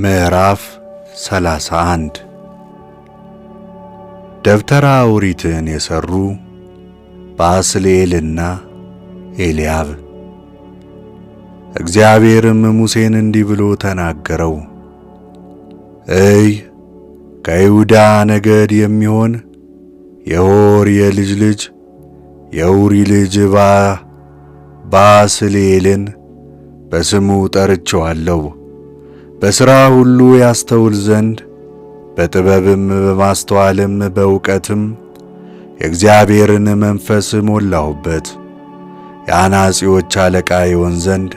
ምዕራፍ 31 ደብተራ ኦሪትን የሰሩ ባስልኤልና ኤልያብ። እግዚአብሔርም ሙሴን እንዲህ ብሎ ተናገረው። እይ ከይሁዳ ነገድ የሚሆን የሆር የልጅ ልጅ የውሪ ልጅ ባስልኤልን በስሙ ጠርቼዋለሁ። በሥራ ሁሉ ያስተውል ዘንድ በጥበብም በማስተዋልም በእውቀትም የእግዚአብሔርን መንፈስ ሞላሁበት። የአናጺዎች አለቃ ይሆን ዘንድ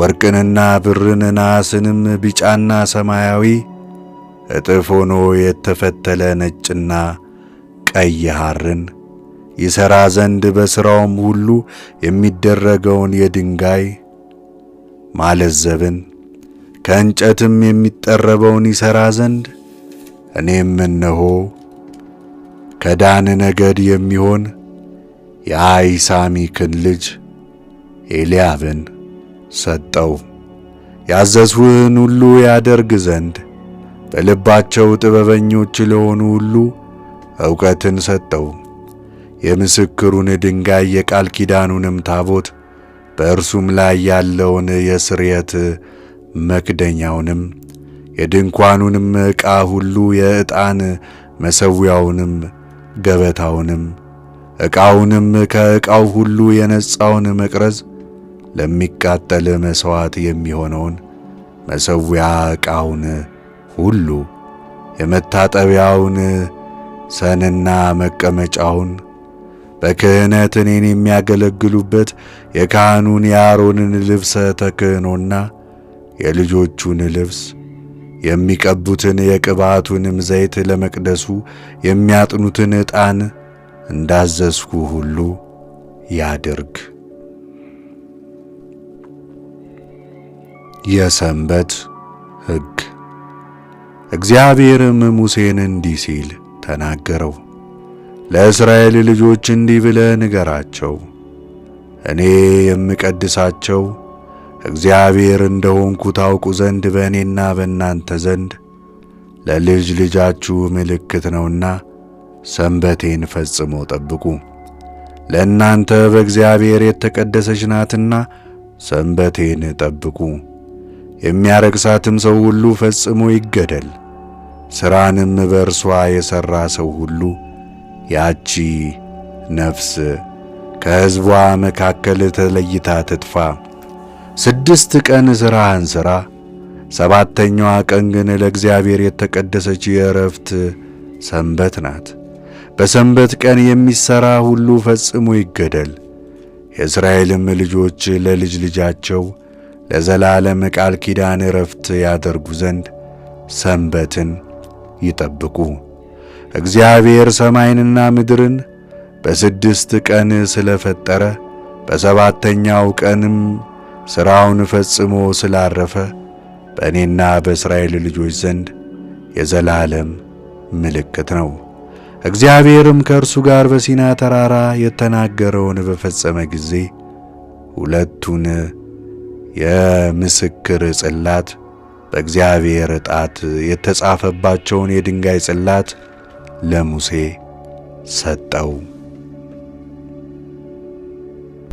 ወርቅንና ብርን ናስንም ቢጫና ሰማያዊ እጥፍ ሆኖ የተፈተለ ነጭና ቀይ ሐርን ይሠራ ዘንድ በሥራውም ሁሉ የሚደረገውን የድንጋይ ማለዘብን ከእንጨትም የሚጠረበውን ይሠራ ዘንድ እኔም እነሆ ከዳን ነገድ የሚሆን የአይሳሚክን ልጅ ኤልያብን ሰጠው ያዘዝሁህን ሁሉ ያደርግ ዘንድ በልባቸው ጥበበኞች ለሆኑ ሁሉ ዕውቀትን ሰጠው። የምስክሩን ድንጋይ የቃል ኪዳኑንም ታቦት በእርሱም ላይ ያለውን የስርየት መክደኛውንም የድንኳኑንም ዕቃ ሁሉ የዕጣን መሠዊያውንም ገበታውንም ዕቃውንም ከዕቃው ሁሉ የነጻውን መቅረዝ ለሚቃጠል መሥዋዕት የሚሆነውን መሠዊያ ዕቃውን ሁሉ የመታጠቢያውን ሰንና መቀመጫውን በክህነት እኔን የሚያገለግሉበት የካህኑን የአሮንን ልብሰ ተክህኖና የልጆቹን ልብስ የሚቀቡትን የቅባቱንም ዘይት ለመቅደሱ የሚያጥኑትን ዕጣን እንዳዘዝኩ ሁሉ ያድርግ። የሰንበት ሕግ። እግዚአብሔርም ሙሴን እንዲህ ሲል ተናገረው። ለእስራኤል ልጆች እንዲህ ብለ ንገራቸው፣ እኔ የምቀድሳቸው እግዚአብሔር እንደሆንኩ ታውቁ ዘንድ በእኔና በእናንተ ዘንድ ለልጅ ልጃችሁ ምልክት ነውና ሰንበቴን ፈጽሞ ጠብቁ። ለእናንተ በእግዚአብሔር የተቀደሰች ናትና ሰንበቴን ጠብቁ። የሚያረክሳትም ሰው ሁሉ ፈጽሞ ይገደል። ሥራንም በእርሷ የሠራ ሰው ሁሉ ያቺ ነፍስ ከሕዝቧ መካከል ተለይታ ትጥፋ። ስድስት ቀን ሥራ ሥራ፣ ሰባተኛዋ ቀን ግን ለእግዚአብሔር የተቀደሰች የእረፍት ሰንበት ናት። በሰንበት ቀን የሚሠራ ሁሉ ፈጽሞ ይገደል። የእስራኤልም ልጆች ለልጅ ልጃቸው ለዘላለም ቃል ኪዳን እረፍት ያደርጉ ዘንድ ሰንበትን ይጠብቁ። እግዚአብሔር ሰማይንና ምድርን በስድስት ቀን ስለፈጠረ በሰባተኛው ቀንም ሥራውን ፈጽሞ ስላረፈ በእኔና በእስራኤል ልጆች ዘንድ የዘላለም ምልክት ነው። እግዚአብሔርም ከእርሱ ጋር በሲና ተራራ የተናገረውን በፈጸመ ጊዜ ሁለቱን የምስክር ጽላት በእግዚአብሔር ጣት የተጻፈባቸውን የድንጋይ ጽላት ለሙሴ ሰጠው።